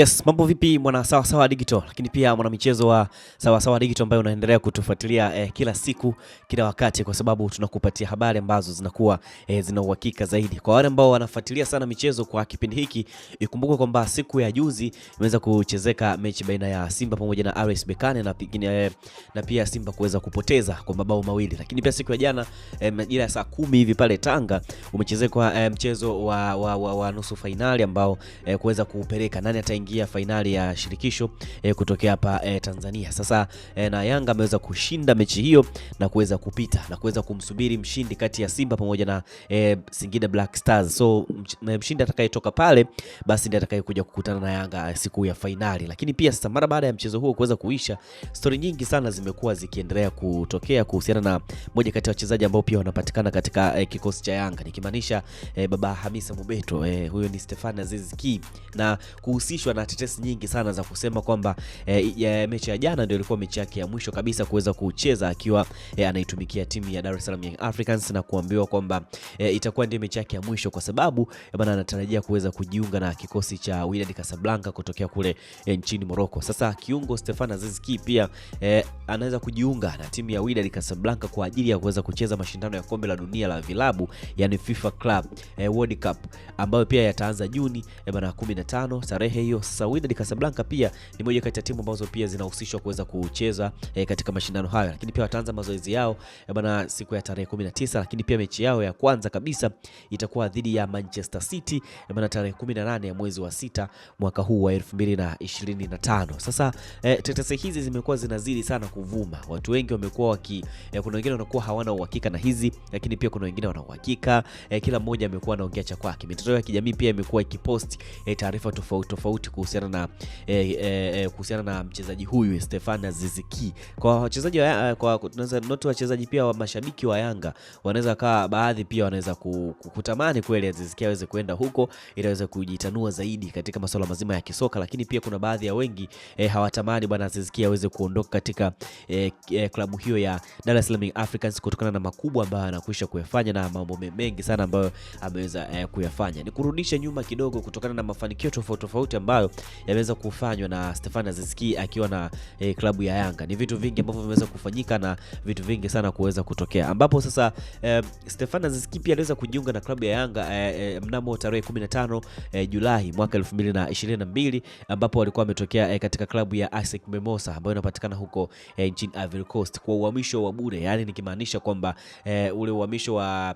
Yes, mambo vipi mwana sawa sawa digital, lakini pia mwana michezo wa sawa sawa digital ambayo unaendelea kutufuatilia eh, kila siku kila wakati, kwa sababu tunakupatia habari ambazo zinakuwa eh, zina uhakika zaidi. Kwa wale ambao wanafuatilia sana michezo kwa kipindi hiki, ikumbuke kwamba siku ya juzi imeweza kuchezeka mechi baina ya Simba pamoja na RS Berkane na, eh, na pia Simba kuweza kupoteza kwa mabao mawili, lakini pia siku ya jana eh, majira ya saa kumi hivi pale Tanga umechezekwa eh, mchezo wa, wa, wa, wa, wa nusu fainali ambao eh, kuweza kuupeleka nani ataingia kuingia fainali ya shirikisho e, kutokea hapa e, Tanzania. Sasa e, na Yanga ameweza kushinda mechi hiyo na kuweza kupita na kuweza kumsubiri mshindi kati ya Simba pamoja na e, Singida Black Stars. So mshindi atakayetoka pale basi ndiye atakayekuja kukutana na Yanga siku ya fainali. Lakini pia sasa mara baada ya mchezo huo kuweza kuisha, stori nyingi sana zimekuwa zikiendelea kutokea kuhusiana na moja kati ya wachezaji ambao pia wanapatikana katika e, kikosi cha Yanga nikimaanisha e, baba Hamisa Mobeto e, huyo ni Stefan Aziz Ki na kuhusishwa na tetesi nyingi sana za kusema kwamba e, e, mechi ya jana ndio ilikuwa mechi yake ya mwisho kabisa kuweza kucheza akiwa e, anaitumikia timu ya Dar es Salaam Young Africans na kuambiwa kwamba e, itakuwa ndio mechi yake ya mwisho kwa sababu e, bana anatarajia kuweza kujiunga na kikosi cha Wydad Casablanca kutokea kule e, nchini Morocco. Sasa kiungo Stefan Aziz Ki pia e, anaweza kujiunga na timu ya Wydad Casablanca kwa ajili ya kuweza kucheza mashindano ya kombe la dunia la vilabu yani FIFA Club e, World Cup ambayo pia yataanza Juni e, bana 15 tarehe hiyo sasa Wydad Casablanca pia ni moja kati ya timu ambazo pia zinahusishwa kuweza kucheza e, katika mashindano hayo, lakini pia wataanza mazoezi yao eh, bana siku ya tarehe 19, lakini pia mechi yao ya kwanza kabisa itakuwa dhidi ya Manchester City eh, bana tarehe 18 ya mwezi wa sita mwaka huu wa 2025. Sasa e, tetesi hizi zimekuwa zinazidi sana kuvuma, watu wengi wamekuwa waki e, kuna wengine wanakuwa hawana uhakika na hizi, lakini pia kuna wengine wana uhakika e, kila mmoja amekuwa anaongea cha kwake. Mitandao ya kijamii pia imekuwa ikipost e, taarifa tofauti tofauti kuhusiana na eh, eh, eh, kuhusiana na mchezaji huyu Stefana Ziziki. Kwa wachezaji wa, eh, kwa not wachezaji pia wa mashabiki wa Yanga wanaweza kaa baadhi pia wanaweza kutamani kweli Ziziki aweze kwenda huko ili aweze kujitanua zaidi katika masuala mazima ya kisoka, lakini pia kuna baadhi ya wengi eh, hawatamani bwana Ziziki aweze kuondoka katika eh, eh, klabu hiyo ya Dar es Salaam Africans kutokana na makubwa ambayo anakwisha kuyafanya na mambo mengi sana ambayo ameweza eh, kuyafanya. Nikurudishe nyuma kidogo kutokana na mafanikio tofauti tofauti ambayo ambayo yameweza kufanywa na Stefan Aziz akiwa na e, klabu ya Yanga. Ni vitu vingi ambavyo vimeweza kufanyika na vitu vingi sana kuweza kutokea, ambapo sasa e, Stefan Aziz pia aliweza kujiunga na klabu ya Yanga e, e, mnamo tarehe 15 e, Julai mwaka 2022 ambapo alikuwa ametokea e, katika klabu ya ASEC Mimosa ambayo inapatikana huko e, nchini Ivory Coast kwa uhamisho wa bure, yaani nikimaanisha kwamba e, ule uhamisho wa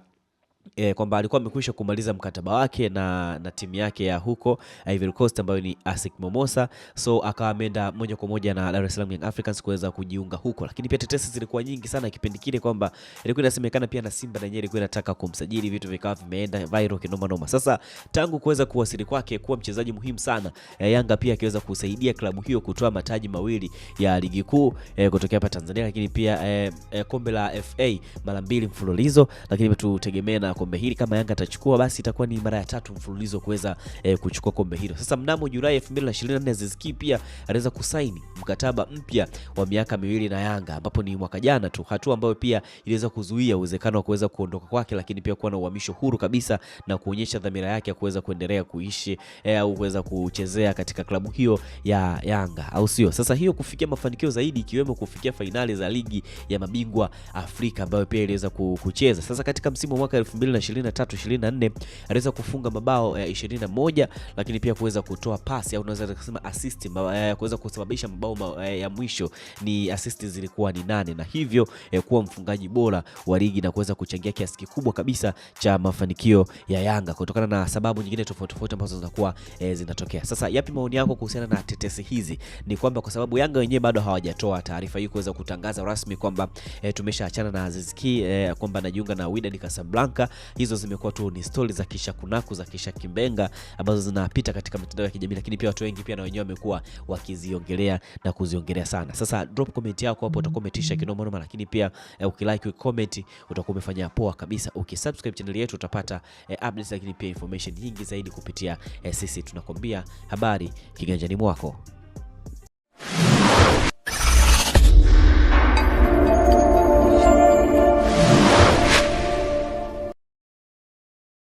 E, kwamba alikuwa amekwisha kumaliza mkataba wake na, na timu yake ya huko Ivory Coast ambayo ni ASEC Mimosa, so akawa ameenda moja kwa moja na Dar es Salaam Young Africans kuweza kujiunga huko, lakini pia tetesi zilikuwa nyingi sana kipindi kile kwamba ilikuwa inasemekana pia na Simba yenyewe ilikuwa inataka kumsajili, vitu vikawa vimeenda viral kinoma noma. Sasa tangu kuweza kuwasili kwake kuwa mchezaji muhimu sana e, Yanga pia akiweza kusaidia klabu hiyo kutoa mataji mawili ya ligi kuu e, kutokea hapa Tanzania, lakini pia e, e, kombe la FA mara mbili mfululizo, lakini tutegemea ya kombe hili kama Yanga atachukua basi itakuwa ni mara ya tatu mfululizo kuweza eh, kuchukua kombe hilo. Sasa mnamo Julai 2024 Aziz Ki pia aliweza kusaini mkataba mpya wa miaka miwili na Yanga ambapo ni mwaka jana tu, hatua ambayo pia iliweza kuzuia uwezekano wa kuweza kuondoka kwake, lakini pia kuwa na uhamisho huru kabisa na kuonyesha dhamira yake ya kuweza kuendelea kuishi eh, au kuweza kuchezea katika klabu hiyo ya Yanga, au sio? Sasa hiyo kufikia mafanikio zaidi ikiwemo kufikia fainali za ligi ya mabingwa Afrika ambayo pia iliweza kucheza. Sasa katika msimu wa mwaka elfu 2023-2024 aliweza kufunga mabao ya eh, 21 lakini pia kuweza kutoa pasi au unaweza kusema assist eh, kuweza kusababisha mabao eh, ya mwisho ni assist zilikuwa ni nane, na hivyo kuwa mfungaji bora wa ligi na kuweza kuchangia kiasi kikubwa kabisa cha mafanikio ya Yanga kutokana na sababu nyingine tofauti tofauti ambazo zinakuwa e, zinatokea. Sasa yapi maoni yako kuhusiana na tetesi hizi? Ni kwamba kwa sababu Yanga wenyewe bado hawajatoa taarifa hii kuweza kutangaza rasmi kwamba e, tumeshaachana na Aziz Ki e, kwamba anajiunga na Wydad Casablanca hizo zimekuwa tu ni stori za kisha kunaku za kisha kimbenga ambazo zinapita katika mitandao ya kijamii, lakini pia watu wengi pia na wenyewe wamekuwa wakiziongelea na kuziongelea sana. Sasa drop comment yako hapo, umetisha kinoma noma, lakini pia eh, ukilike comment utakuwa umefanya poa kabisa. Ukisubscribe channel yetu utapata eh, updates, lakini pia information nyingi zaidi kupitia eh, sisi tunakwambia habari kiganjani mwako.